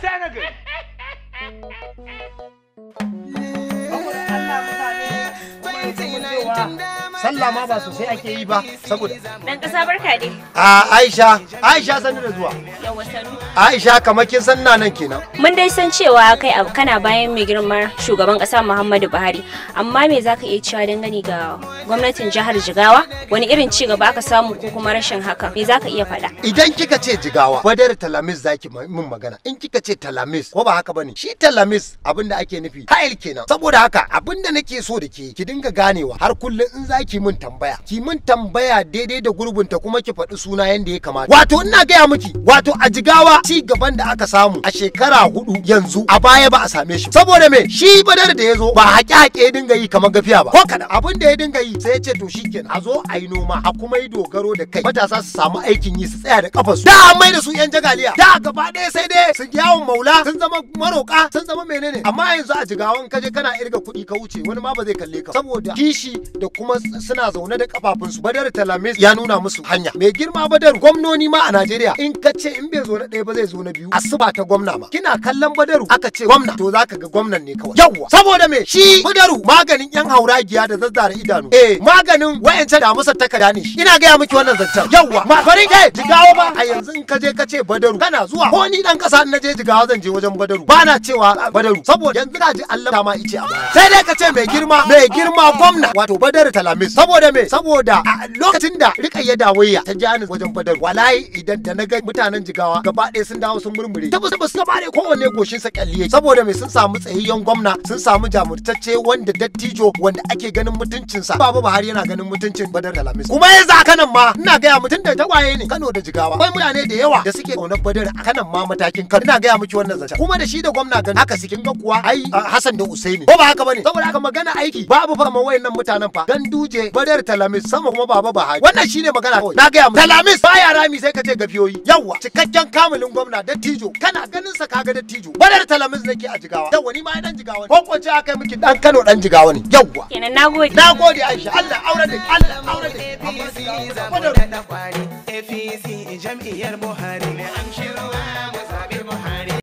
wasa na Allah mutane kuma sallah ma ba sosai ake yi ba saboda dan kasa barka dai a Aisha Aisha sanu da zuwa Aisha kamar kin san nan kenan mun dai san cewa kai abu kana bayan mai girman shugaban kasa Muhammadu Buhari amma me zaka iya cewa dangane ga gwamnatin jihar Jigawa wani irin ci gaba aka samu ko kuma rashin haka me zaka iya faɗa idan kika ce Jigawa badar talamis zaki mun magana in kika ce talamis ko ba haka bane shi talamis abinda ake nufi hail kenan saboda haka abinda nake so da ke ki dinga ganewa har kullun in zaki ki mun tambaya ki mun tambaya daidai da gurbinta kuma ki faɗi suna yanda ya kamata wato ina gaya miki wato a jigawa ci gaban da aka samu a shekara hudu yanzu a baya ba a same shi saboda me shi badar da ya zo ba haƙe haƙe ya dinga yi kamar gafiya ba ko kada abin da ya dinga yi sai ya ce to shikenan a zo a yi noma a kuma yi dogaro da kai matasa su samu aikin yi su tsaya da kafa su da an mai da su yan jagaliya da gaba ɗaya sai dai su yawon maula sun zama maroka sun zama menene amma yanzu a jigawan kaje kana irga kuɗi ka wuce wani ma ba zai kalle ka saboda kishi da kuma suna zaune da kafafunsu badar talamis ya nuna musu hanya mai girma badar gwamnoni ma a najeriya in ka ce in bai zo na ɗaya ba zai zo na biyu asuba ta gwamna ma kina kallon badaru aka ce gwamna to zaka ga gwamnan ne kawai yawwa saboda me shi badaru maganin yan hauragiya da zazzara idanu eh maganin wayancan da musa takarda ne ina gaya miki wannan zancen yawwa ma bari eh jigawa ba a yanzu in ka je ka ce badaru kana zuwa ko ni dan kasa na je jigawa zan je wajen badaru ba na cewa badaru saboda yanzu ka ji Allah ma ice a baya sai dai ka ce mai girma mai girma gwamna wato badaru talamis saboda me saboda a lokacin da rika ya dawayya ta jani wajen fadar walayi idan da na ga mutanen jigawa gaba ɗaya sun dawo sun murmure tabbas ba su gaba ɗaya kowanne goshin sa kalliye saboda me sun samu tsayayyen gwamna sun samu jamurtacce wanda dattijo wanda ake ganin mutuncinsa baba Buhari yana ganin mutuncin Badar lamis kuma yanzu a kanan ma ina gaya mutum da tagwaye ne Kano da Jigawa akwai mutane da yawa da suke kaunar Badar a kanan ma matakin Kano ina gaya miki wannan zancen kuma da shi da gwamna gani haka sikin ga kuwa ai hasan da Usaini ko ba haka bane saboda haka magana aiki babu fa kamar wayannan mutanen fa duje rake badar talamis sama kuma baba bahari wannan shine magana kawai na gaya talamis baya rami sai ka ce gafiyoyi yawa cikakken kamulin gwamna dattijo kana ganin sa kaga dattijo badar talamis nake a jigawa da wani ma dan jigawa ko ce aka miki dan Kano dan jigawa ne yawa kenan nagode nagode Aisha Allah aure da Allah aure da FC jam'iyyar Buhari ne an shirwa